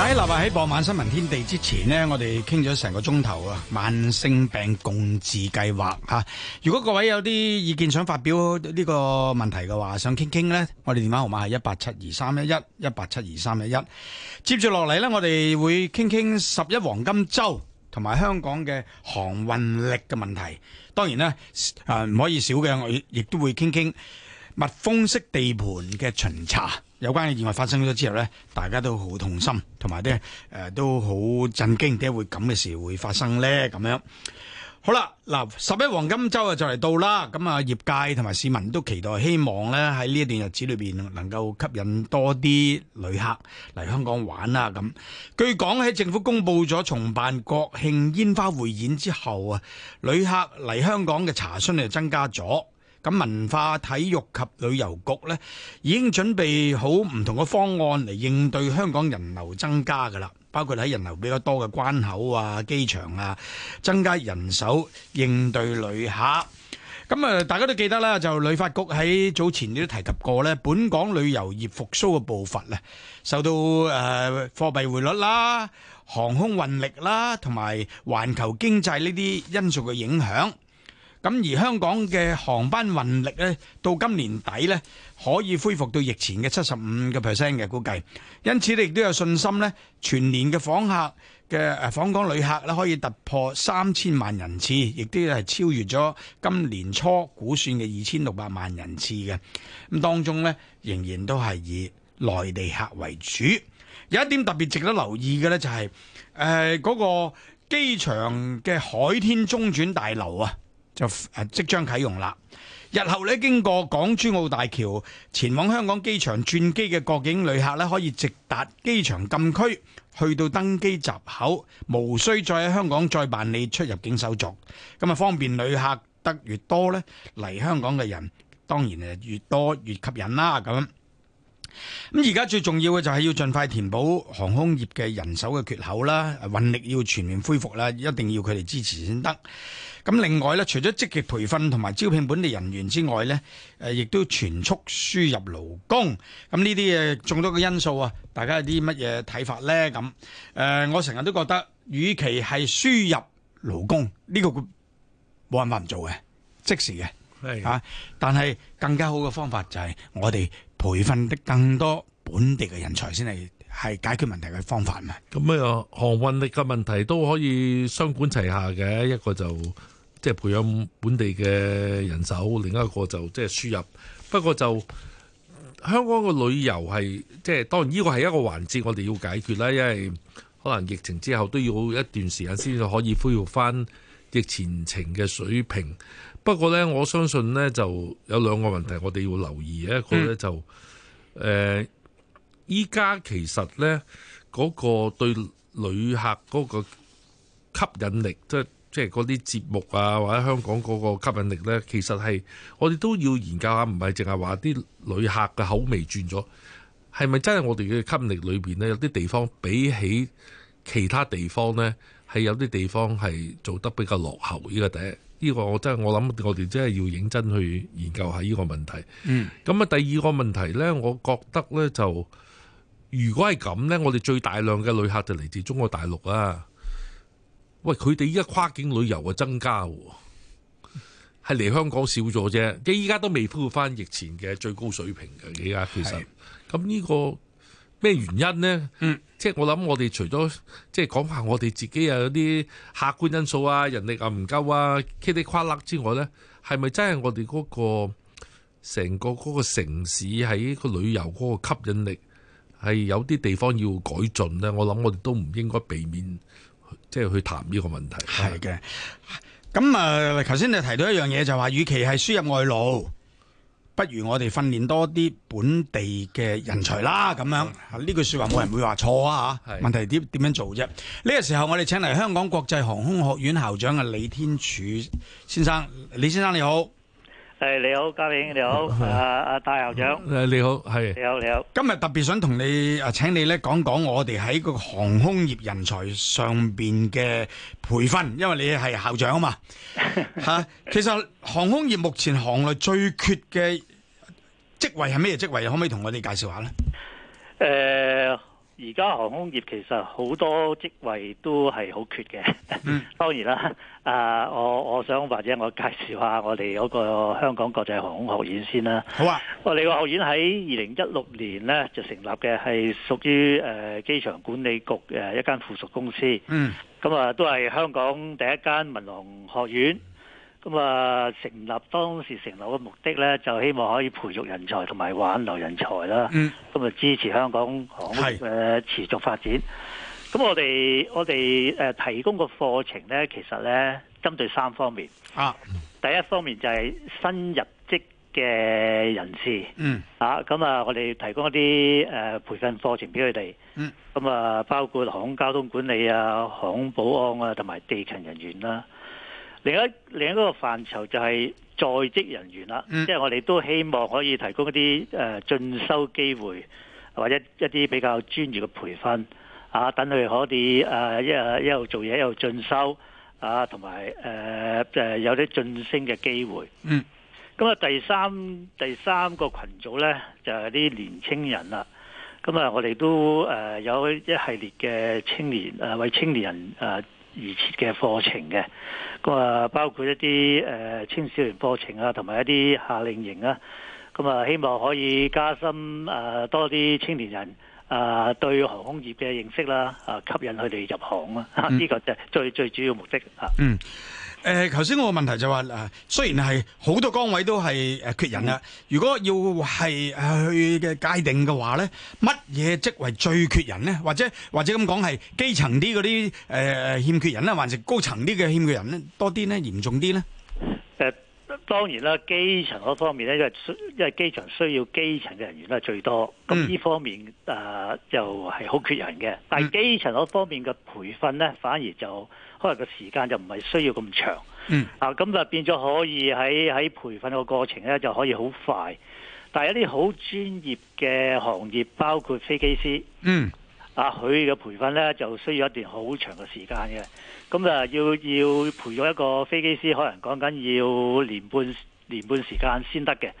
喺立啊！喺傍晚新聞天地之前呢，我哋傾咗成個鐘頭啊，慢性病共治計劃吓。如果各位有啲意見想發表呢個問題嘅話，想傾傾呢？我哋電話號碼係一八七二三一一一八七二三一一。接住落嚟呢，我哋會傾傾十一黃金周同埋香港嘅航運力嘅問題。當然呢，誒唔可以少嘅，我亦都會傾傾密封式地盤嘅巡查。有關嘅意外發生咗之後呢，大家都好痛心，同埋呢誒都好震驚，點解會咁嘅事會發生呢？咁樣好啦，嗱十一黃金週啊，就嚟到啦，咁啊業界同埋市民都期待希望呢喺呢一段日子裏邊能夠吸引多啲旅客嚟香港玩啦。咁據講喺政府公布咗重辦國慶煙花匯演之後啊，旅客嚟香港嘅查詢又增加咗。咁文化、體育及旅遊局呢，已經準備好唔同嘅方案嚟應對香港人流增加㗎啦，包括喺人流比較多嘅關口啊、機場啊，增加人手應對旅客。咁啊，大家都記得啦，就旅發局喺早前都提及過呢，本港旅遊業復甦嘅步伐呢，受到誒貨幣匯率啦、航空運力啦，同埋環球經濟呢啲因素嘅影響。咁而香港嘅航班運力咧，到今年底咧可以恢復到疫前嘅七十五個 percent 嘅估計，因此你亦都有信心咧，全年嘅訪客嘅誒訪港旅客呢，可以突破三千萬人次，亦都係超越咗今年初估算嘅二千六百萬人次嘅。咁當中咧仍然都係以內地客為主。有一點特別值得留意嘅咧，就是，就係誒嗰個機場嘅海天中轉大樓啊。就即將啟用啦！日後咧經過港珠澳大橋前往香港機場轉機嘅國境旅客咧，可以直達機場禁區，去到登機閘口，無需再喺香港再辦理出入境手續。咁啊，方便旅客得越多呢，嚟香港嘅人當然誒越多越吸引啦，咁。咁而家最重要嘅就係要盡快填補航空業嘅人手嘅缺口啦，運力要全面恢復啦，一定要佢哋支持先得。咁另外呢，除咗積極培訓同埋招聘本地人員之外呢，誒，亦都全速輸入勞工。咁呢啲誒，眾多嘅因素啊，大家有啲乜嘢睇法呢？咁誒，我成日都覺得，與其係輸入勞工，呢個冇辦法唔做嘅，即時嘅。係是但係更加好嘅方法就係我哋培訓得更多本地嘅人才先，係係解決問題嘅方法嘛。咁啊，航運力嘅問題都可以雙管齊下嘅，一個就即係培養本地嘅人手，另一個就即係輸入。不過就香港嘅旅遊係即係當然呢個係一個環節，我哋要解決啦，因為可能疫情之後都要一段時間先至可以恢復返疫情前嘅水平。不過呢，我相信呢就有兩個問題，我哋要留意。嗯，一個呢就誒，依、呃、家其實呢嗰、嗰個對旅客嗰個吸引力，即係即係嗰啲節目啊，或者香港嗰個吸引力呢，其實係我哋都要研究下，唔係淨係話啲旅客嘅口味轉咗，係咪真係我哋嘅吸引力裏面呢？有啲地方比起其他地方呢，係有啲地方係做得比較落後。呢個第一。呢個我真係我諗，我哋真係要認真去研究下呢個問題。咁啊、嗯，第二個問題呢，我覺得呢，就如果係咁呢，我哋最大量嘅旅客就嚟自中國大陸啊。喂，佢哋依家跨境旅遊嘅增加喎，係嚟、嗯、香港少咗啫。即係依家都未恢復翻疫前嘅最高水平嘅，依家其實咁呢是、呢個。咩原因呢？嗯，即係我諗，我哋除咗即係講下我哋自己有啲客觀因素啊，人力啊唔夠啊，K 啲跨勒之外呢，係咪真係我哋嗰個成個嗰個城市喺個旅遊嗰個吸引力係有啲地方要改進呢？我諗我哋都唔應該避免即係去談呢個問題。係嘅。咁啊，頭先你提到一樣嘢就話，與其係輸入外勞。不如我哋訓練多啲本地嘅人才啦，咁樣呢、啊、句說話冇人會話錯啊！是問題啲點樣做啫？呢、這個時候我哋請嚟香港國際航空學院校長啊李天柱先生，李先生你好，誒你好，嘉穎你好，阿啊，戴校長，你好，係你好你好，今日特別想同你誒，請你咧講講我哋喺個航空業人才上面嘅培訓，因為你係校長嘛 啊嘛吓，其實航空業目前行內最缺嘅。職位係咩職位？可唔可以同我哋介紹下呢？誒、呃，而家航空業其實好多職位都係好缺嘅。嗯，當然啦。啊、呃，我我想或者我介紹下我哋嗰個香港國際航空學院先啦。好啊，我哋個學院喺二零一六年呢就成立嘅，係屬於誒、呃、機場管理局嘅一間附屬公司。嗯，咁啊都係香港第一間民航學院。咁啊，成立當時成立嘅目的咧，就希望可以培育人才同埋挽留人才啦。咁啊、嗯，就支持香港航空嘅持續發展。咁是我哋我哋誒提供個課程咧，其實咧針對三方面。啊，第一方面就係新入職嘅人士。嗯。啊，咁啊，我哋提供一啲誒培訓課程俾佢哋。嗯。咁啊，包括航空交通管理啊、航空保安啊同埋地勤人員啦、啊。另一另一個範疇就係在職人員啦，即係、嗯、我哋都希望可以提供一啲誒進修機會，或者一啲比較專業嘅培訓啊，等佢哋可以誒、啊、一做事一路做嘢一路進修啊，同埋誒誒有啲晉、呃、升嘅機會。嗯，咁啊第三第三個群組咧就係、是、啲年青人啦。咁啊，我哋都誒有一系列嘅青年誒，為青年人誒。而設嘅課程嘅，咁啊包括一啲誒青少年課程啊，同埋一啲夏令營啊，咁啊希望可以加深啊、呃、多啲青年人啊、呃、對航空業嘅認識啦，啊吸引佢哋入行啊，呢、呢個就係最最主要目的啊。嗯。誒，頭先、呃、我個問題就話誒，雖然係好多崗位都係誒缺人啦，如果要係去嘅界定嘅話咧，乜嘢即為最缺人咧？或者或者咁講係基層啲嗰啲誒欠缺人啦，還是高層啲嘅欠缺人咧多啲咧？嚴重啲咧？當然啦，機場嗰方面咧，因為需因為機場需要基層嘅人員咧最多，咁呢方面誒就係好缺人嘅。但係基層嗰方面嘅培訓咧，反而就可能個時間就唔係需要咁長。嗯、啊，咁就變咗可以喺喺培訓個過程咧就可以好快。但係一啲好專業嘅行業，包括飛機師。嗯佢嘅培訓咧就需要一段好長嘅時間嘅，咁啊要要培養一個飛機師，可能講緊要年半年半時間先得嘅，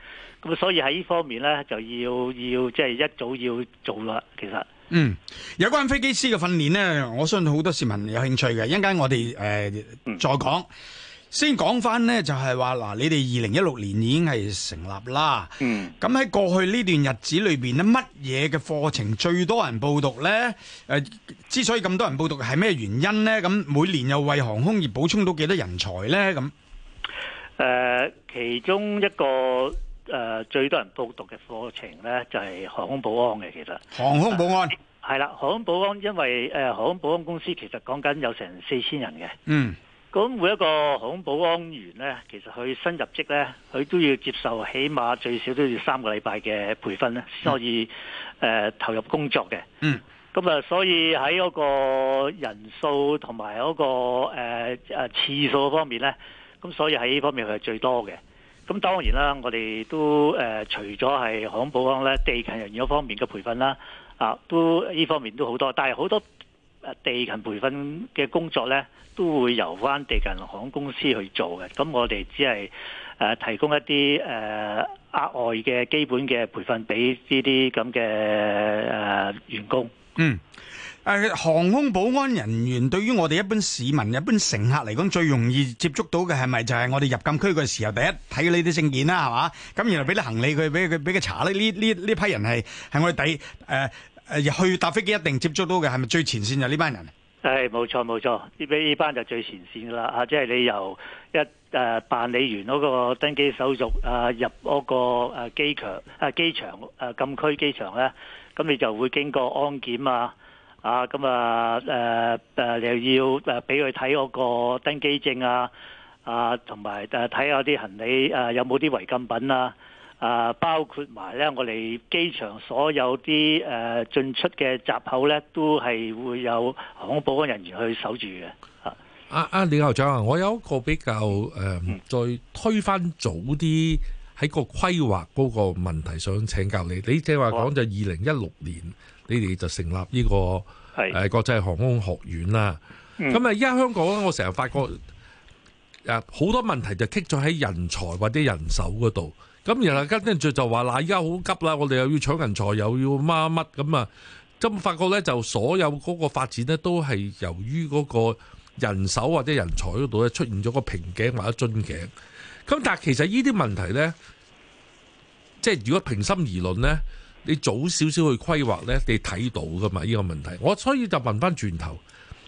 咁所以喺呢方面咧就要要即係一早要做啦，其實。嗯，有關飛機師嘅訓練咧，我相信好多市民有興趣嘅，一陣間我哋誒、呃、再講。嗯先講翻呢，就係話嗱，你哋二零一六年已經係成立啦。嗯，咁喺過去呢段日子裏邊呢，乜嘢嘅課程最多人報讀呢？誒、呃，之所以咁多人報讀係咩原因呢？咁每年又為航空業補充到幾多人才呢？咁誒、呃，其中一個誒、呃、最多人報讀嘅課程呢，就係、是、航空保安嘅。其實航空保安係啦、呃，航空保安因為誒、呃、航空保安公司其實講緊有成四千人嘅。嗯。咁每一個航空保安員咧，其實佢新入職咧，佢都要接受起碼最少都要三個禮拜嘅培訓咧，先可以誒、呃、投入工作嘅。嗯，咁啊，所以喺嗰個人數同埋嗰個誒、呃、次數方面咧，咁所以喺呢方面佢係最多嘅。咁當然啦，我哋都誒、呃、除咗係航空保安咧，地勤人員嗰方面嘅培訓啦，啊，都呢方面都好多，但係好多。地勤培訓嘅工作咧，都會由翻地勤航空公司去做嘅。咁我哋只係誒、呃、提供一啲誒、呃、額外嘅基本嘅培訓俾呢啲咁嘅誒員工。嗯，誒、呃、航空保安人員對於我哋一般市民、一般乘客嚟講，最容易接觸到嘅係咪就係我哋入禁區嘅時候，第一睇呢啲證件啦，係嘛？咁然後俾啲行李佢，俾佢俾佢查咧。呢呢呢批人係係我哋第誒。呃去搭飛機一定接觸到嘅係咪最前線就呢班人？係冇錯冇錯，呢啲依班就最前線啦嚇，即係你由一誒辦理完嗰個登機手續啊，入嗰個誒機場啊機場禁區機場咧，咁你就會經過安檢，啊啊咁啊你又要誒俾佢睇嗰個登機證啊啊，同埋睇下啲行李有冇啲違禁品啊。啊，包括埋呢，我哋機場所有啲誒進出嘅閘口呢，都係會有航空保安人員去守住嘅，啊。啊，阿李校長，啊，我有一個比較誒，嗯嗯，再推翻早啲喺個規劃嗰個問題，想請教你。你即係話講，就二零一六年，哦、你哋就成立呢、這個係誒是、啊、國際航空學院啦。咁啊、嗯，依家香港我成日發覺好、嗯、多問題就棘咗喺人才或者人手嗰度。咁然後跟住就話嗱，而家好急啦！我哋又要搶人才，又要乜乜咁啊！咁發覺呢，就所有嗰個發展呢，都係由於嗰個人手或者人才嗰度咧出現咗個瓶頸或者樽頸。咁但係其實呢啲問題呢，即係如果平心而論呢，你早少少去規劃呢，你睇到㗎嘛。呢個問題，我所以就問翻轉頭，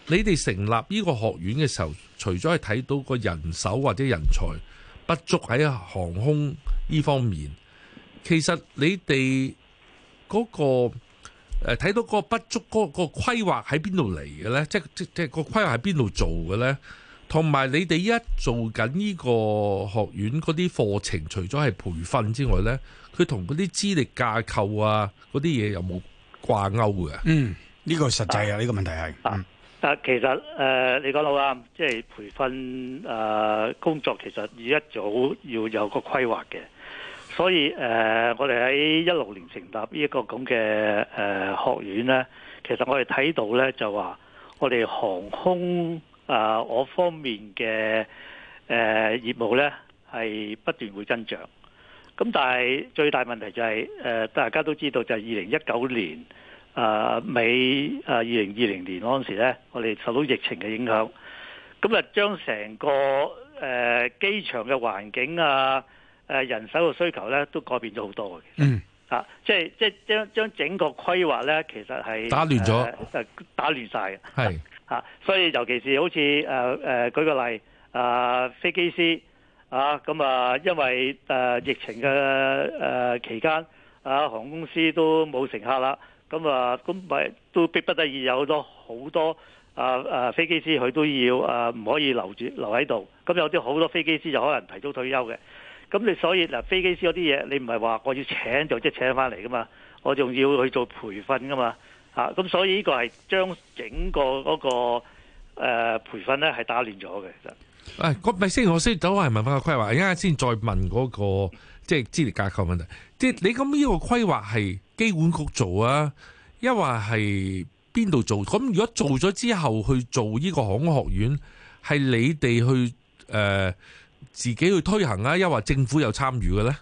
你哋成立呢個學院嘅時候，除咗係睇到個人手或者人才不足喺航空呢方面，其實你哋嗰、嗰個誒睇、呃、到嗰個不足，嗰、嗰個規劃喺邊度嚟嘅咧？即係即係、嗰個規劃喺邊度做嘅咧？同埋你哋一做緊呢個學院嗰啲課程，除咗係培訓之外咧，佢同嗰啲資歷架構啊嗰啲嘢有冇掛鈎嘅？嗯，呢個實際啊，呢個問題係。啊啊，但其實誒，你講到啊，即係培訓誒工作，其實要一早要有個規劃嘅。所以誒，我哋喺一六年成立呢一個咁嘅誒學院咧，其實我哋睇到咧就話，我哋航空誒我方面嘅誒業務咧係不斷會增長。咁但係最大問題就係誒，大家都知道就係二零一九年。誒、啊，美誒，二零二零年嗰陣時咧，我哋受到疫情嘅影響，咁、呃、啊，將成個誒機場嘅環境啊，誒人手嘅需求咧，都改變咗好多嗯，即係即係將將整個規劃咧，其實係、嗯啊、打亂咗、啊，打亂晒係，所以尤其是好似誒誒，舉個例，啊、呃，飛機師啊，咁啊，因為誒、呃、疫情嘅誒、呃、期間，啊，航空公司都冇乘客啦。咁啊，咁咪、嗯、都逼不得已有咗好多啊啊飛機師，佢都要啊唔可以留住留喺度。咁、嗯、有啲好多飛機師就可能提早退休嘅。咁、嗯、你所以嗱、啊，飛機師嗰啲嘢，你唔係話我要請就即、是、係請翻嚟噶嘛？我仲要去做培訓噶嘛？啊，咁、啊啊、所以呢個係將整個嗰、那個、啊、培訓咧係打亂咗嘅。其實誒，嗰唔係我先等我問翻個規劃，而家先再問嗰、那個即係、就是、資歷架構問題。即、就、係、是、你咁呢個規劃係。機管局做啊，抑或係邊度做？咁如果做咗之後去做呢個航空學院，係你哋去誒、呃、自己去推行啊，抑或政府有參與嘅咧？誒、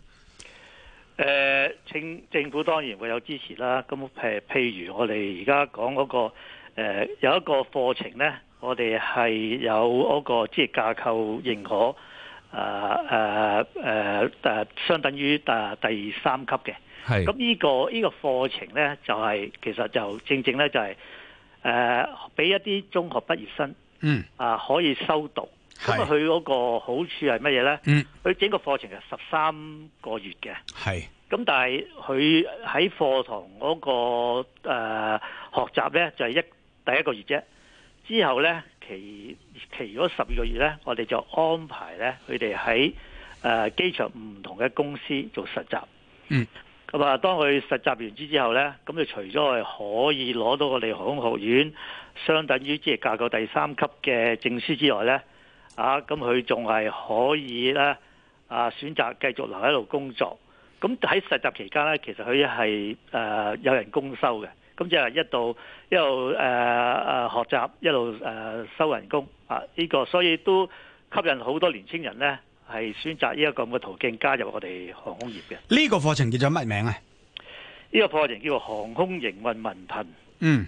呃，政政府當然會有支持啦。咁譬譬如我哋而家講嗰個誒、呃，有一個課程咧，我哋係有嗰、那個即係架構認可，誒誒誒誒，相等於誒第三級嘅。係，咁是、這個這個、呢個呢個課程咧就係、是、其實就正正咧就係、是、誒，俾、呃、一啲中學畢業生，嗯，啊、呃、可以修讀。咁佢嗰個好處係乜嘢咧？嗯，佢整個課程係十三個月嘅，係是。咁但係佢喺課堂嗰、那個誒、呃、學習咧就係、是、一第一個月啫，之後咧其其餘十二個月咧，我哋就安排咧佢哋喺誒機場唔同嘅公司做實習，嗯。咁啊，當佢實習完之之後呢，咁佢除咗係可以攞到個航空學院相等於即係架構第三級嘅證書之外呢，啊，咁佢仲係可以呢啊，選擇繼續留喺度工作。咁喺實習期間呢，其實佢係誒有人工收嘅，咁即係一路一路誒誒學習，一路誒收人工啊！呢、呢個所以都吸引好多年青人呢。係選擇呢一個咁嘅途徑加入我哋航空業嘅。呢個課程叫做乜名啊？呢個課程叫做航空營運文憑。嗯，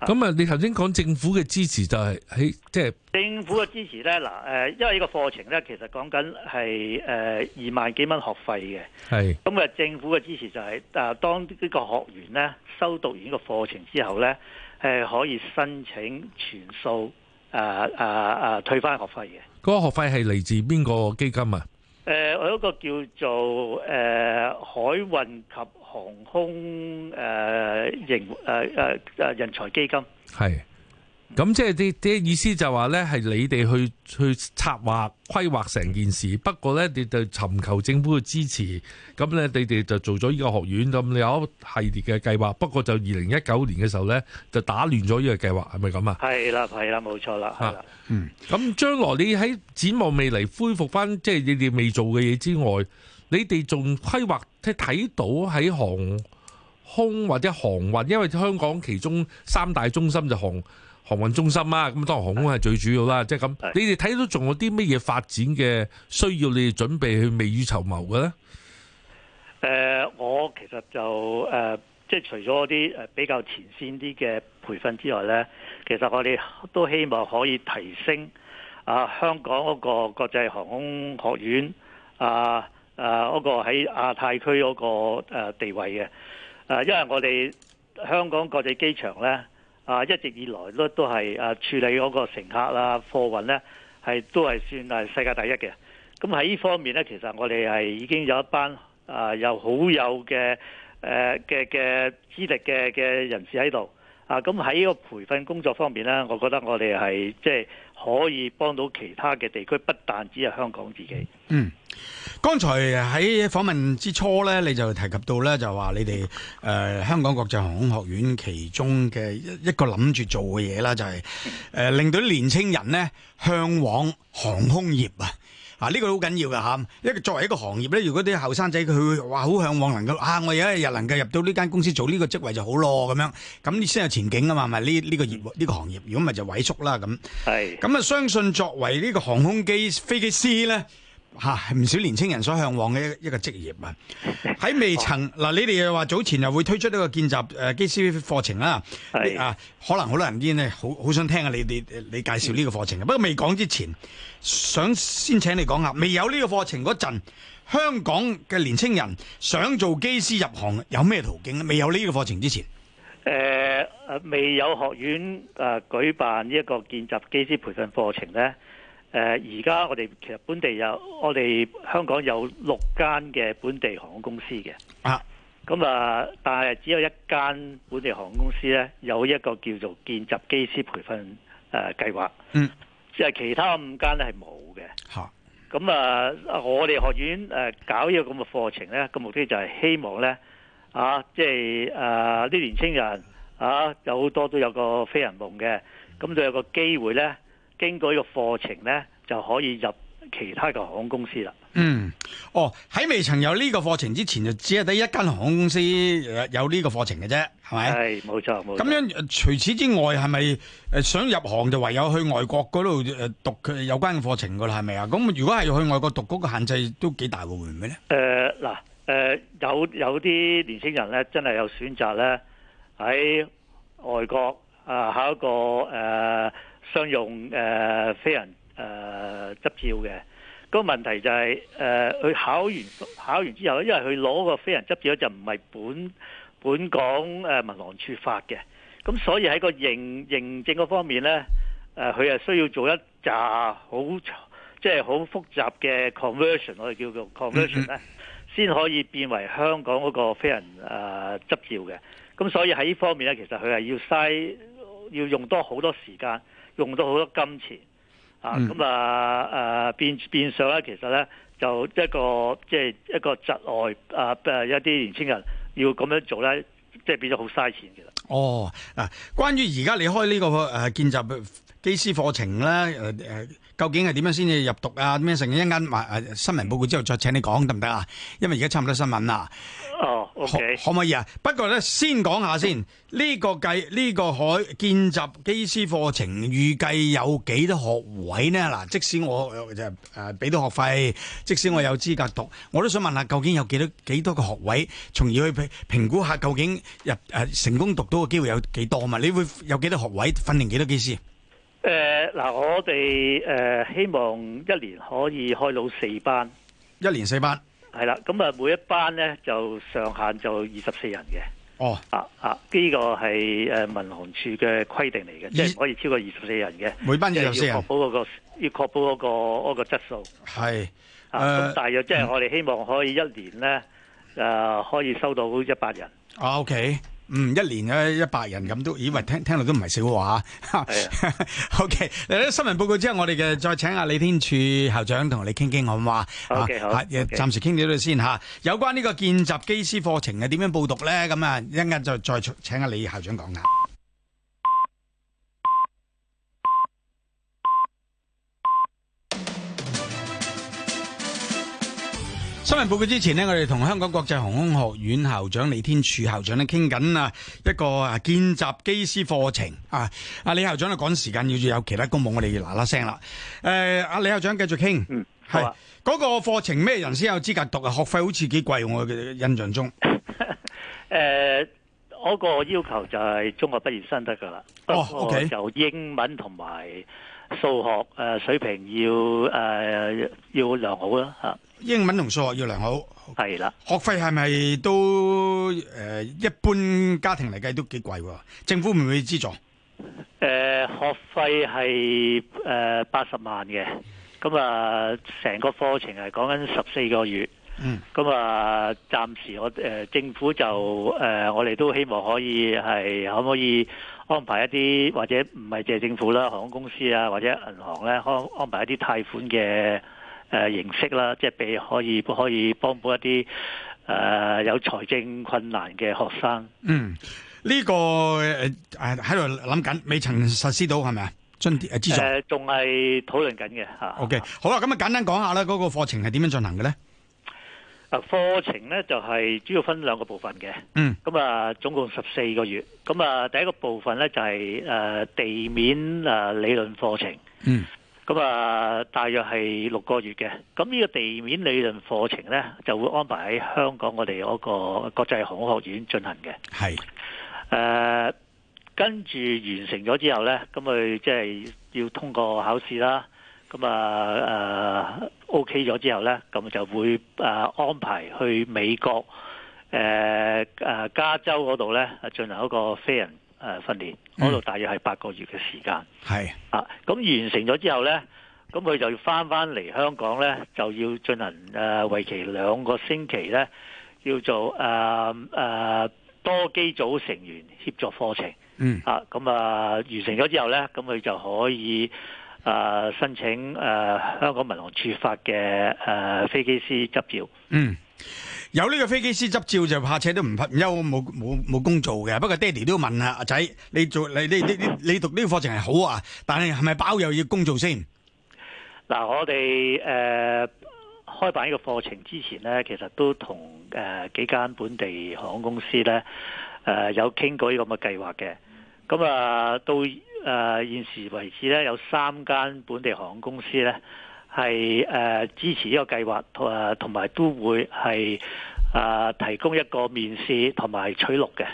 咁啊，你頭先講政府嘅支持就係喺即係政府嘅支持咧，嗱，誒，因為呢個課程咧其實講緊係誒二萬幾蚊學費嘅。係。咁啊，政府嘅支持就係誒，當呢個學員咧修讀完呢個課程之後咧，誒、呃，可以申請全數誒誒誒退翻學費嘅。嗰個學費係嚟自邊個基金啊？誒、呃，我有一個叫做誒、呃、海運及航空誒型誒人才基金，係。咁即係啲啲意思就話咧，係你哋去去策劃規劃成件事。不過咧，你就尋求政府嘅支持，咁咧你哋就做咗呢個學院，咁你有一系列嘅計劃。不過就二零一九年嘅時候咧，就打亂咗呢個計劃，係咪咁啊？係啦，係啦，冇錯啦，係啦。嗯。咁將來你喺展望未嚟恢復翻，即係你哋未做嘅嘢之外，你哋仲規劃睇睇到喺航空或者航運，因為香港其中三大中心就航。航運中心啊，咁當然航空係最主要啦，即係咁。你哋睇到仲有啲乜嘢發展嘅需要，你哋準備去未雨綢繆嘅咧？誒、呃，我其實就誒、呃，即係除咗啲誒比較前線啲嘅培訓之外咧，其實我哋都希望可以提升啊香港嗰個國際航空學院啊啊嗰、嗰個喺亞太區嗰個誒地位嘅。誒、啊，因為我哋香港國際機場咧。啊，一直以來都都係啊，處理嗰個乘客啦、貨運咧，係都係算係世界第一嘅。咁喺呢方面咧，其實我哋係已經有一班啊又好有嘅誒嘅嘅資歷嘅嘅人士喺度。啊，咁喺呢個培訓工作方面咧，我覺得我哋係即係可以幫到其他嘅地區，不但只係香港自己。嗯，剛才喺訪問之初咧，你就提及到咧，就話你哋誒香港國際航空學院其中嘅一一個諗住做嘅嘢啦，就係誒令到啲年青人咧嚮往航空業啊。啊！呢、呢個好緊要嘅吓，因為作為一個行業咧，如果啲後生仔佢話好向往能夠啊，我有一日能夠入到呢間公司做呢個職位就好咯，咁樣，咁你先有前景啊嘛，咪呢呢個業呢、呢個行業，如果咪就萎縮啦咁。係，咁啊是相信作為呢個航空機飛機師咧。吓，唔、啊、少年青人所向往嘅一一個職業，哦、啊，喺未曾嗱，你哋又話早前又會推出呢個見習誒機師課程啦，係啊，是啊，可能好多人呢，好好想聽、啊、你哋你，你介紹呢個課程啊，嗯、不過未講之前，想先請你講下，未有呢個課程嗰陣，香港嘅年青人想做機師入行有咩途徑咧？未有呢個課程之前，誒、呃、未有學院誒、呃、舉辦呢一個見習機師培訓課程咧。誒而家我哋其實本地有我哋香港有六間嘅本地航空公司嘅啊，咁啊，但係只有一間本地航空公司咧有一個叫做見習機師培訓誒、呃、計劃，嗯，即係其他五間咧係冇嘅，嚇、啊。咁啊，我哋學院誒搞呢個咁嘅課程咧，個目的就係希望咧，啊，即係誒啲年輕人啊，有好多都有個飛人夢嘅，咁就有個機會咧。經過個課程咧，就可以入其他嘅航空公司啦。嗯，哦，喺未曾有呢個課程之前，就只係得一間航空公司有呢個課程嘅啫，係咪？係，冇錯。咁樣，冇錯。除此之外，係咪誒想入行就唯有去外國嗰度誒讀佢有關嘅課程噶啦？係咪啊？咁如果係去外國讀，嗰個限制都幾大嘅，會唔會咧？誒，嗱，誒，有有啲年輕人咧，真係有選擇咧喺外國啊考一個誒。呃想用誒飛、呃、人誒、呃、執照嘅，那個問題就係誒佢考完考完之後因為佢攞個飛人執照就唔係本本港誒、呃、民航處發嘅，咁所以喺個認認證嗰方面咧，誒佢係需要做一扎好即係好複雜嘅 conversion，我哋叫做 conversion 咧，先 可以變為香港嗰個飛人誒、呃、執照嘅。咁所以喺呢方面咧，其實佢係要嘥要用多好多時間。用到好多金錢、嗯、啊！咁啊變變相咧，其實咧就一個即係、就是、一個質外啊，啊！一啲年青人要咁樣做咧，即、就、係、是、變咗好嘥錢嘅啦。哦，嗱，關於而家你開呢、這個、啊、建見習機師課程咧、啊啊究竟係點樣先至入讀啊？咩樣，成一陣間新聞報告之後，再請你講得唔得啊？因為而家差唔多新聞啦。哦、oh, okay.，可唔可以啊？不過咧，先講下先。呢、這個計呢、這個海見習機師課程預計有幾多學位呢？嗱，即使我誒俾到學費，即使我有資格讀，我都想問下，究竟有幾多幾多個學位，從而去評估下究竟入誒成功讀到嘅機會有幾多嘛？你會有幾多學位訓練幾多機師？誒，嗱、呃呃，我哋誒、呃、希望一年可以開到四班，一年四班，係啦，咁啊，每一班咧就上限就二十四人嘅。哦，啊啊，呢、啊呢個係誒民航處嘅規定嚟嘅，即係唔可以超過二十四人嘅。每班要有確保嗰要確保嗰、嗰個嗰、嗰個嗰個、質素。係，呃、啊，咁大約即係我哋希望可以一年咧，嗯、啊，可以收到一百人。啊，OK。嗯，一年咧一百人咁都，以為聽聽落都唔係少話。係、哎呀。 o、okay, K，新聞報告之後，我哋嘅再請阿李天柱校長同你哋傾傾好唔好？O K，好。暫時傾到呢度先吓、啊。有關呢個見習機師課程係點樣報讀咧？咁啊，一陣間再再請阿李校長講下。新聞報告之前呢，我哋同香港國際航空學院校長李天柱校長咧傾緊啊一個啊見習機師課程啊，阿李校長咧趕時間，要住有其他公務，我哋要啦啦聲啦。誒、啊，阿李校長繼續傾，嗯，係嗰、啊嗰個課程咩人先有資格讀啊？學費好似幾貴，我嘅印象中。誒、 呃，我個要求就係中學畢業生得噶啦，不過就英文同埋。Oh, okay. 數學誒水平要誒、呃、要良好啦吓，啊、英文同數學要良好係啦。的學費係咪都誒、呃、一般家庭嚟計都幾貴？政府會唔會資助？誒、呃，學費係誒八十萬嘅，咁啊，成個課程係講緊十四個月。嗯，咁啊，暫時我誒、呃、政府就誒、呃、我哋都希望可以係可唔可以？安排一啲或者唔係借政府啦，航空公司啊或者銀行咧，安安排一啲貸款嘅誒、呃、形式啦，即係俾可以可以幫補一啲誒、呃、有財政困難嘅學生。嗯，呢、這個誒喺度諗緊未曾實施到係咪、呃、啊？津仲係討論緊嘅嚇。O K，好啦，咁啊簡單講下啦，嗰、那個課程係點樣進行嘅咧？課程咧就係、是、主要分兩個部分嘅，咁啊總共十四個月，咁啊第一個部分咧就係、是、誒地面誒理論課程，咁啊大約係六個月嘅，咁呢個地面理論課程咧就會安排喺香港我哋嗰個國際航空學院進行嘅，係是，誒、呃、跟住完成咗之後咧，咁佢即係要通過考試啦。咁啊，啊，OK 咗之後呢，咁就會誒、啊、安排去美國誒誒、啊、加州嗰度呢進行一個飛人訓練，嗰度、嗯、大約係八個月嘅時間。係啊，咁完成咗之後呢，咁佢就要翻翻嚟香港呢，就要進行誒為期兩個星期呢叫做誒誒、啊啊、多機組成員協助課程。嗯啊，咁啊完成咗之後呢，咁佢就可以。誒、呃，申請誒、呃、香港民航處發嘅誒飛機師執照。嗯，有呢個飛機師執照就怕且都唔憂，冇冇冇工做嘅。不過爹哋都問下阿仔，你做你你你你讀呢個課程係好啊，但係係咪包又要工做先？嗱、呃，我哋誒、呃、開辦呢個課程之前咧，其實都同誒、呃、幾間本地航空公司咧誒、呃、有傾過呢個計劃嘅。咁、呃、啊，到。誒、呃、現時為止咧，有三間本地航空公司咧係誒支持呢個計劃，同誒同埋都會係誒、呃、提供一個面試同埋取錄嘅。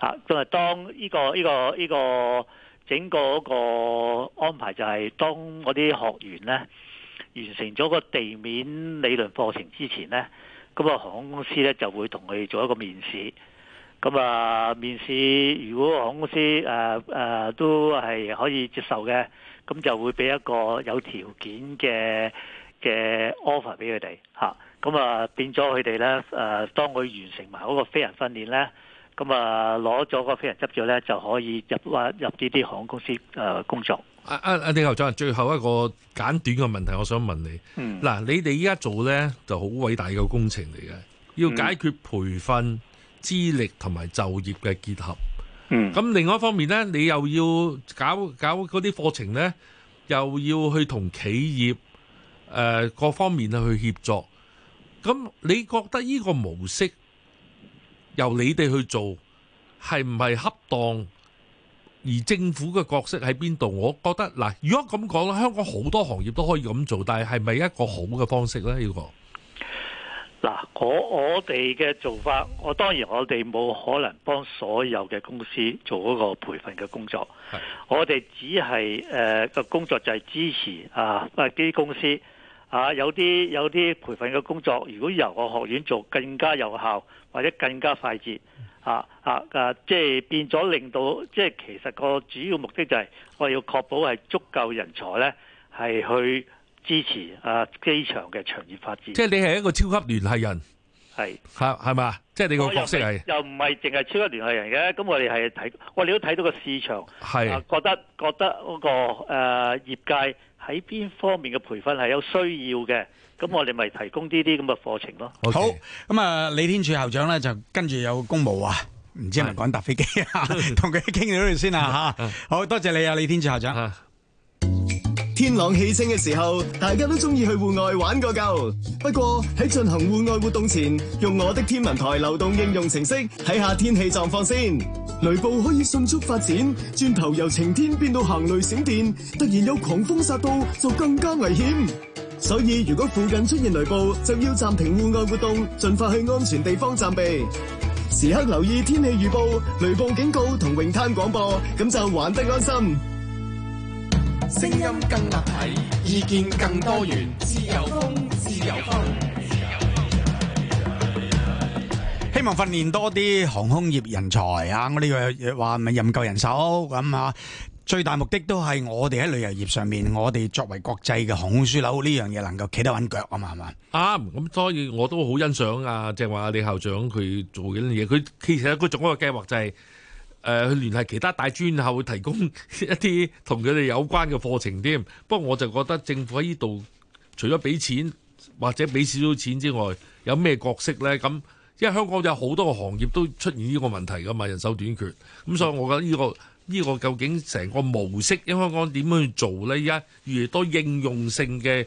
嚇、啊，都係當呢、這個依、這個依、這個整個嗰個安排，就係當嗰啲學員咧完成咗個地面理論課程之前咧，咁、那個航空公司咧就會同佢做一個面試。咁啊，面試如果航空公司誒誒、呃呃、都係可以接受嘅，咁就會俾一個有條件嘅嘅 offer 俾佢哋吓，咁、er、啊、啊，變咗佢哋咧誒當佢完成埋嗰個飛行訓練咧，咁啊攞咗個飛行執照咧，就可以入話入呢啲航空公司誒、呃、工作。啊啊，阿、啊、李校長最後一個簡短嘅問題，我想問你。嗯。嗱，你哋依家做咧就好偉大嘅工程嚟嘅，要解決、嗯、培訓資歷同埋就業嘅結合，咁、嗯、另外一方面呢，你又要搞搞嗰啲課程呢，又要去同企業誒、呃、各方面去協助。咁你覺得呢個模式由你哋去做，係唔係恰當？而政府嘅角色喺邊度？我覺得嗱、呃，如果咁講，香港好多行業都可以咁做，但係係咪一個好嘅方式呢？呢、呢個嗱，我我哋嘅做法，我當然，我哋冇可能幫所有嘅公司做嗰個培訓嘅工作，是的 我哋只係誒個工作就係支持啊，啲公司啊有啲有啲培訓嘅工作，如果由我學院做更加有效或者更加快捷啊啊啊，即係變咗令到即係其實個主要目的就係、是、我要確保係足夠人才咧係去。支持啊！機場嘅長遠發展。即係你係一個超級聯繫人，係嚇係嘛？即係你個角色係又唔係淨係超級聯繫人嘅？咁我哋係睇，我哋都睇到個市場，係是、啊、覺得覺得嗰、那個誒、啊、業界喺邊方面嘅培訓係有需要嘅，咁我哋咪提供呢啲咁嘅課程咯。Okay. 好咁啊！李天柱校長呢就跟住有公務啊，唔知係咪趕搭飛機啊，同佢傾咗先啊嚇。好多謝你啊，李天柱校長。天朗氣清嘅時候，大家都中意去戶外玩個夠。不過喺進行戶外活動前，用我的天文台流動應用程式睇下天氣狀況先。雷暴可以迅速發展，轉頭由晴天變到行雷閃電，突然有狂風殺到就更加危險。所以如果附近出現雷暴，就要暫停戶外活動，盡快去安全地方暫避。時刻留意天氣預報、雷暴警告同泳灘廣播，咁就玩得安心。聲音更立體，意見更多元，自由風，自由風，自由風。希望訓練多啲航空業人才啊！我呢個話咪任夠人手咁啊！最大目的都係我哋喺旅遊業上面，我哋作為國際嘅航空樞紐呢樣嘢，能夠企得穩腳啊嘛，係嘛啊！咁所以我都好欣賞啊，即係話李校長佢做緊嘢。佢其實佢仲有一個計劃就係，是。誒去聯繫其他大專，會提供一啲同佢哋有關嘅課程添。不過我就覺得政府喺呢度除咗俾錢或者俾少少錢之外，有咩角色呢？咁因為香港有好多個行業都出現呢個問題噶嘛，人手短缺。咁所以我覺得呢個呢個究竟成個模式，因香港點樣去做呢？而家越嚟越多應用性嘅。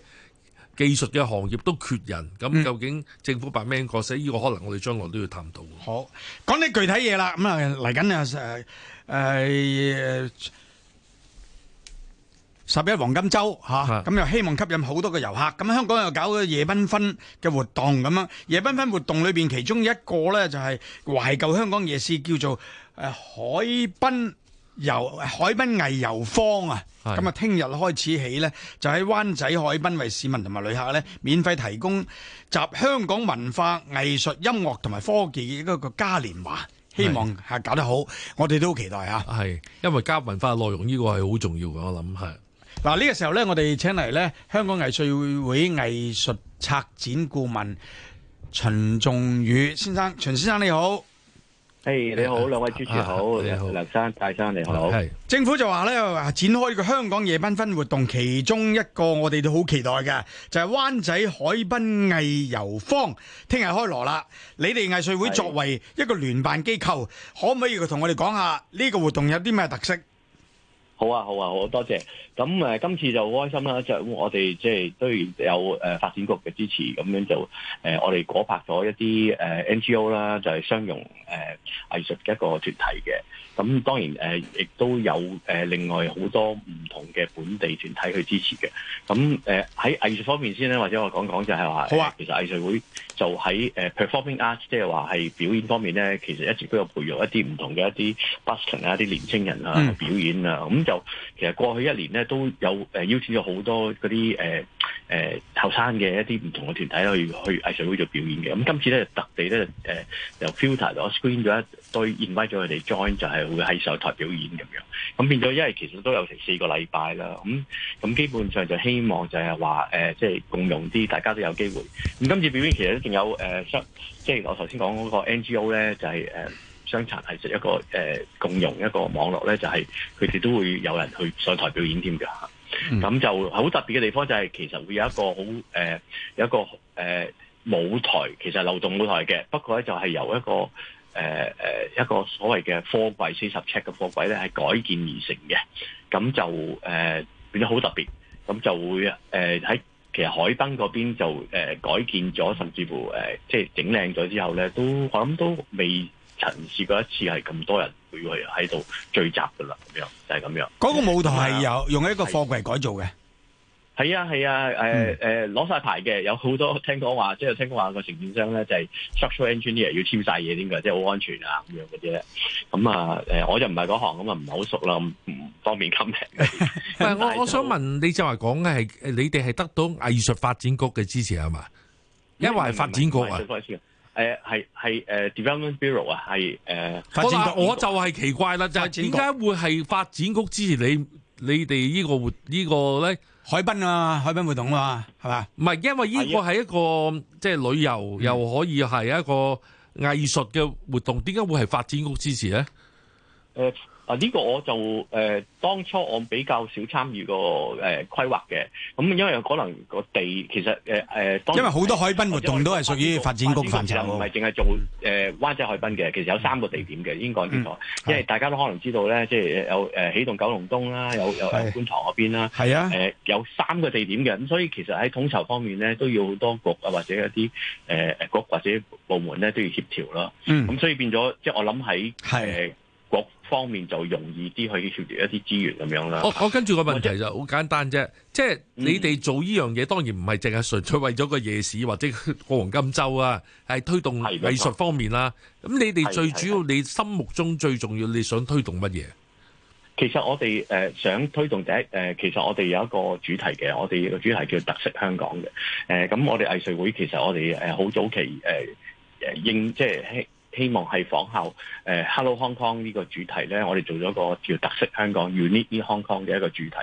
技術嘅行業都缺人，咁究竟政府扮咩角色？呢個可能我哋將來都要探討。好，講啲具體嘢啦，咁啊嚟緊啊誒誒十一黃金周吓，咁又希望吸引好多嘅遊客，咁香港又搞咗夜繽紛嘅活動咁樣，夜繽紛活動裏邊其中一個咧，就係懷舊香港夜市，叫做誒海濱。由海濱藝遊坊啊，咁啊是，聽日開始起咧，就喺灣仔海濱為市民同埋旅客咧，免費提供集香港文化、藝術、音樂同埋科技嘅一個嘉年華，希望係搞得好，是我哋都好期待啊！係，因為加文化內容呢個係好重要嘅，我諗係。嗱呢個時候咧，我哋請嚟咧香港藝穗會藝術策展顧問秦仲宇先生，秦先生你好。嘿、hey，啊啊，你好，兩位主持好，你好，梁生，啊、大生你好。係政府就話咧，展開個香港夜繽紛活動，其中一個我哋都好期待嘅就係、是、灣仔海濱藝遊坊，聽日開鑼啦。你哋藝穗會作為一個聯辦機構，是可唔可以同我哋講下呢個活動有啲咩特色？好啊，好啊，好啊多謝。咁誒、啊，今次就好開心啦、啊，就我哋即係都有誒、呃、發展局嘅支持，咁樣就誒、呃、我哋嗰拍咗一啲誒、呃、NGO 啦，就係相融誒藝藝術嘅一個團體嘅。咁、嗯、當然亦、呃、都有、呃、另外好多唔同嘅本地團體去支持嘅。咁、嗯、喺、呃、藝術方面先咧，或者我講講就係話、好啊呃，其實藝穗會就喺、呃、performing arts，即係話係表演方面咧，其實一直都有培育一啲唔同嘅一啲 bustling 啊，一啲年輕人啊表演啊。咁、嗯嗯、就其實過去一年咧都有誒、呃、邀請咗好多嗰啲誒後生嘅一啲唔同嘅團體去去藝穗會做表演嘅，咁、嗯、今次咧特別咧誒由 filter 我 screen 咗一堆 invite 咗佢哋 join 就係、是、會喺上台表演咁樣，咁變咗因為其實都有成四個禮拜啦，咁咁基本上就希望就係話即係共融啲，大家都有機會。咁今次表演其實都仲有誒、呃、即係我頭先講嗰個 NGO 咧就係誒傷殘藝術一個誒、呃、共融一個網絡咧，就係佢哋都會有人去上台表演添㗎。咁、嗯、就好特別嘅地方就係，其實會有一個好誒、呃、有一個誒、呃、舞台，其實係流動舞台嘅，不過咧就係由一個誒誒、呃、一個所謂嘅貨櫃四十尺嘅貨櫃咧，係改建而成嘅。咁就誒、呃、變得好特別，咁就會誒喺、呃、其實海濱嗰邊就誒、呃、改建咗，甚至乎誒、呃、即係整靚咗之後咧，都我諗都未曾試過一次係咁多人。佢喺度聚集噶啦，咁樣就係、是、咁樣。嗰個舞台係用一個貨櫃改造嘅。係啊係啊，誒誒，攞晒、呃呃、牌嘅，有好多聽講話，即、就、係、是、聽講話個承建商咧就係 structural engineer 要簽晒嘢，點解？即係好安全啊，咁樣嗰啲咁啊，誒、嗯呃，我就唔係嗰行，咁啊唔係好熟啦，唔方便 comment 我我想問你說的，你就話講嘅係你哋係得到藝術發展局嘅支持係嘛？因為係發展局啊。誒，係係誒，Development Bureau 啊，係誒，發展局。我就係奇怪啦，就係點解會係發展局支持你你哋呢個活、這個、呢個咧？海濱啊，海濱活動啊，係嘛、嗯？唔係吧，因為呢個係一個即係、就是、旅遊，又可以係一個藝術嘅活動，點解、嗯、會係發展局支持咧？誒。Uh, 啊！呢、這個我就誒、呃、當初我比較少參與、那個誒、呃、規劃嘅，咁因為可能個地其實誒、呃、當因為好多海濱活動都係屬於發展局範疇，唔係淨係做誒、呃、灣仔海濱嘅。其實有三個地點嘅，應該唔錯，因為、嗯、大家都可能知道咧，的即係有誒、呃、起動九龍東啦，有有，有觀塘嗰邊啦，係啊的、呃，有三個地點嘅。咁所以其實喺統籌方面咧，都要好多局啊，或者一啲誒誒局或者部門咧都要協調啦。咁、嗯、所以變咗，即係我諗喺方面就容易啲去以取一啲資源咁樣啦。我我，oh, oh, 跟住個問題就好簡單啫，即係者你哋做呢樣嘢當然唔係淨係純粹為咗個夜市或者個黃金周啊，係推動藝術方面啦、啊。咁的你哋最主要的的你心目中最重要的你想推動乜嘢？其實我哋誒、呃、想推動第一誒、呃，其實我哋有一個主題嘅，我哋個主題叫特色香港嘅。誒咁、呃、我哋藝穗會其實我哋誒好早期誒誒應即係。希望係仿效 Hello Hong Kong 呢個主題咧，我哋做咗個叫特色香港 Unite Hong Kong 嘅一個主題。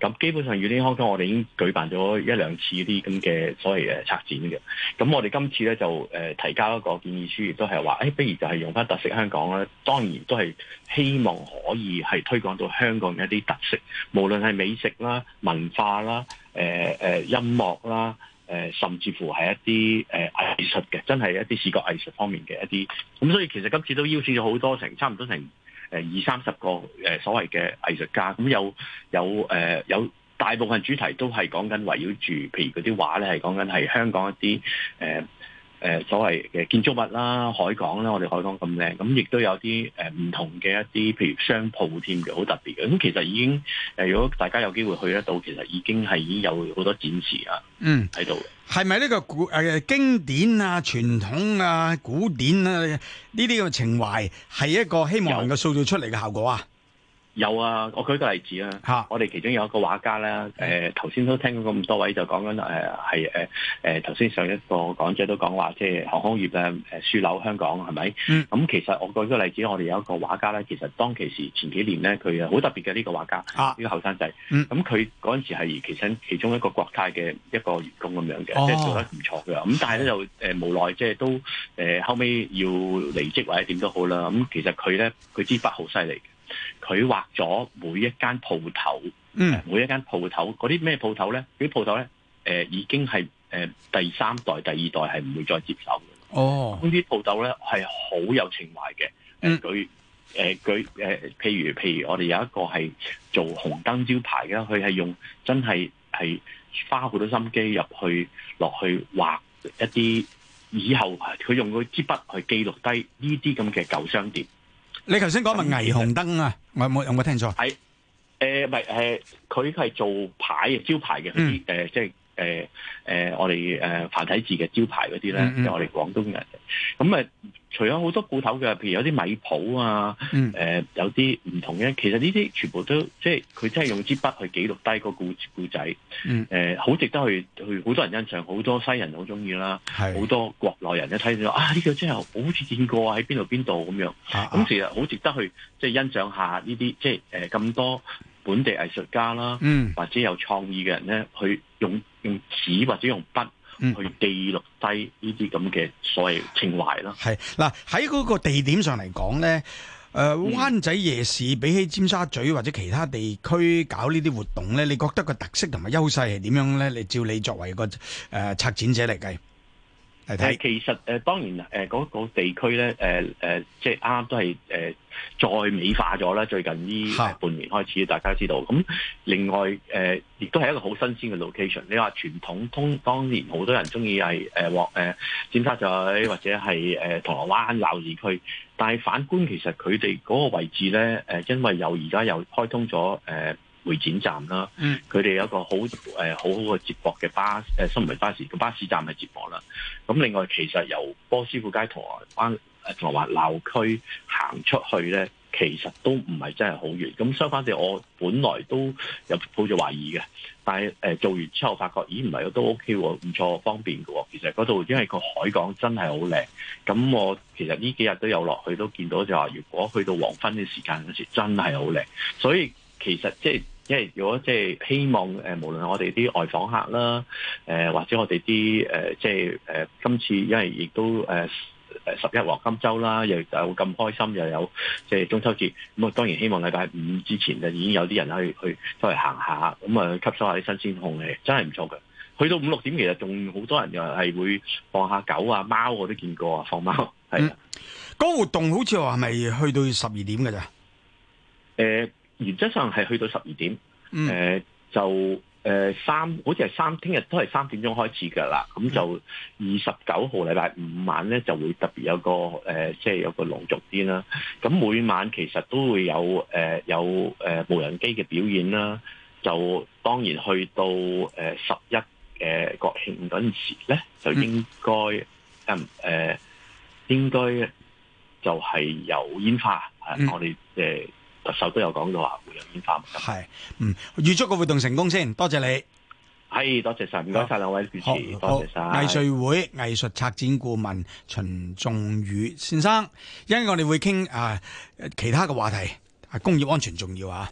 咁基本上 Unite Hong Kong 我哋已經舉辦咗一兩次啲咁嘅所謂誒策展嘅。咁我哋今次咧就誒提交一個建議書，亦都係話誒，不如就係用返特色香港啦。當然都係希望可以係推廣到香港嘅一啲特色，無論係美食啦、文化啦、呃、音樂啦。誒、呃、甚至乎係一啲、呃、藝術嘅，真係一啲視覺藝術方面嘅一啲。咁所以其實今次都邀請咗好多成差唔多成二三十個、呃、所謂嘅藝術家，咁有有、呃、有大部分主題都係講緊圍繞住，譬如嗰啲畫，咧係講緊係香港一啲誒所謂嘅建築物啦，海港啦，我哋海港咁靚，咁亦都有啲誒唔同嘅一啲，譬如商鋪添嘅好特別嘅，咁其實已經誒，如果大家有機會去得到，其實已經係已經有好多展示啊，嗯，喺度。係咪呢個古誒、呃、經典啊、傳統啊、古典啊呢啲嘅情懷係一個希望能夠塑造出嚟嘅效果啊？有啊，我舉個例子啊。啊我哋其中有一個畫家咧，誒、呃，頭先都聽過咁多位就講緊誒，係誒誒，頭先、呃、上一個講者都講話，即係航空業嘅誒樞紐香港係咪？咁、嗯嗯嗯、其實我舉個例子，我哋有一個畫家咧，其實當其時前幾年咧，佢啊好特別嘅呢個畫家，呢、啊、個後生仔，咁佢嗰陣時係其實其中一個國泰嘅一個員工咁樣嘅、哦嗯呃，即係做得唔錯嘅，咁但係咧就誒無奈即係都誒、呃、後尾要離職或者點都好啦，咁、嗯、其實佢咧佢支筆好犀利佢畫咗每一間鋪頭，每一間鋪頭嗰啲咩鋪頭咧？嗰啲鋪頭咧、呃，已經係、呃、第三代、第二代係唔會再接手嘅。哦、oh，呢啲鋪頭咧係好有情懷嘅。佢佢譬如譬如，譬如我哋有一個係做紅燈招牌嘅，佢係用真係係花好多心機入去落去畫一啲以後，佢用佢支筆去記錄低呢啲咁嘅舊商店。你頭先講咪霓虹燈啊？嗯、我有冇有冇聽錯？係，誒唔係誒，佢、呃、係做牌嘅招牌嘅嗰啲即係。誒誒、呃呃，我哋誒、呃、繁體字嘅招牌嗰啲咧，嗯嗯、即係我哋廣東人，咁啊，除咗好多鋪頭嘅，譬如有啲米鋪啊，誒、嗯呃，有啲唔同嘅，其實呢啲全部都即係佢真係用支筆去記錄低個故故仔，誒、嗯，好、呃、值得去去，好多人欣賞，好多西人好中意啦，好多國內人一睇到啊，呢、呢個真係好似見過喺邊度邊度咁樣，咁、啊啊、其實好值得去即係欣賞下呢啲，即係誒咁多。本地藝術家啦，或者有創意嘅人咧，去用用紙或者用筆去記錄低呢啲咁嘅所謂情懷啦。係嗱，喺嗰個地點上嚟講咧，誒、呃、灣仔夜市、嗯、比起尖沙咀或者其他地區搞呢啲活動咧，你覺得個特色同埋優勢係點樣咧？你照你作為個誒、呃、策展者嚟計。其實當然誒嗰個地區咧、呃，即啱啱都係、呃、再美化咗啦。最近呢半年開始，大家都知道。咁另外亦都係一個好新鮮嘅 location。你話傳統通當年好多人中意係誒旺誒尖沙咀或者係誒銅鑼灣鬧市區，但係反觀其實佢哋嗰個位置咧、呃，因為又而家又開通咗會展站啦，佢哋有一個好好好嘅接駁嘅巴誒唔維巴士，個巴，巴士站係接駁啦。咁另外其實由波斯富街同埋灣同埋華鬧區行出去咧，其實都唔係真係好遠。咁相反地，我本來都有抱住懷疑嘅，但係做完之後發覺，咦唔係都 OK 喎，唔錯方便嘅喎。其實嗰度因為個海港真係好靚。咁我其實呢幾日都有落去，都見到就話，如果去到黃昏嘅時間嗰時，真係好靚。所以其實即係，因為如果即係希望誒，無論我哋啲外訪客啦，誒、呃、或者我哋啲誒，即係誒今次因為亦都誒誒、呃、十一黃金周啦，又有咁開心，又有即係、呃、中秋節，咁啊當然希望禮拜五之前就已經有啲人去去周圍行下，咁啊吸收下啲新鮮空氣，真係唔錯㗎。去到五六點其實仲好多人又係會放下狗啊貓，我都見過啊，放貓係啊。嗰個、嗯、活動好似話係咪去到十二點㗎咋？誒、呃。原則上係去到十二點，mm. 呃、就誒三，呃、3, 好似係三，聽日都係三點鐘開始㗎啦。咁就二十九號禮拜五晚咧就會特別有個誒，即、呃、係、就是、有個隆重啲啦。咁每晚其實都會有誒、呃、有誒、呃、無人機嘅表演啦。就當然去到誒十一誒國慶嗰陣時咧，就應該誒、mm. 呃、應該就係有煙花，mm. 呃、我哋誒。呃特首都有講到話會有變化，係嗯，預祝個活動成功先，多謝你，係多謝晒，唔該晒兩位主持，多謝晒。藝穗好會藝術策展顧問秦仲宇先生，因為我哋會傾啊、呃、其他嘅話題，啊工業安全重要啊。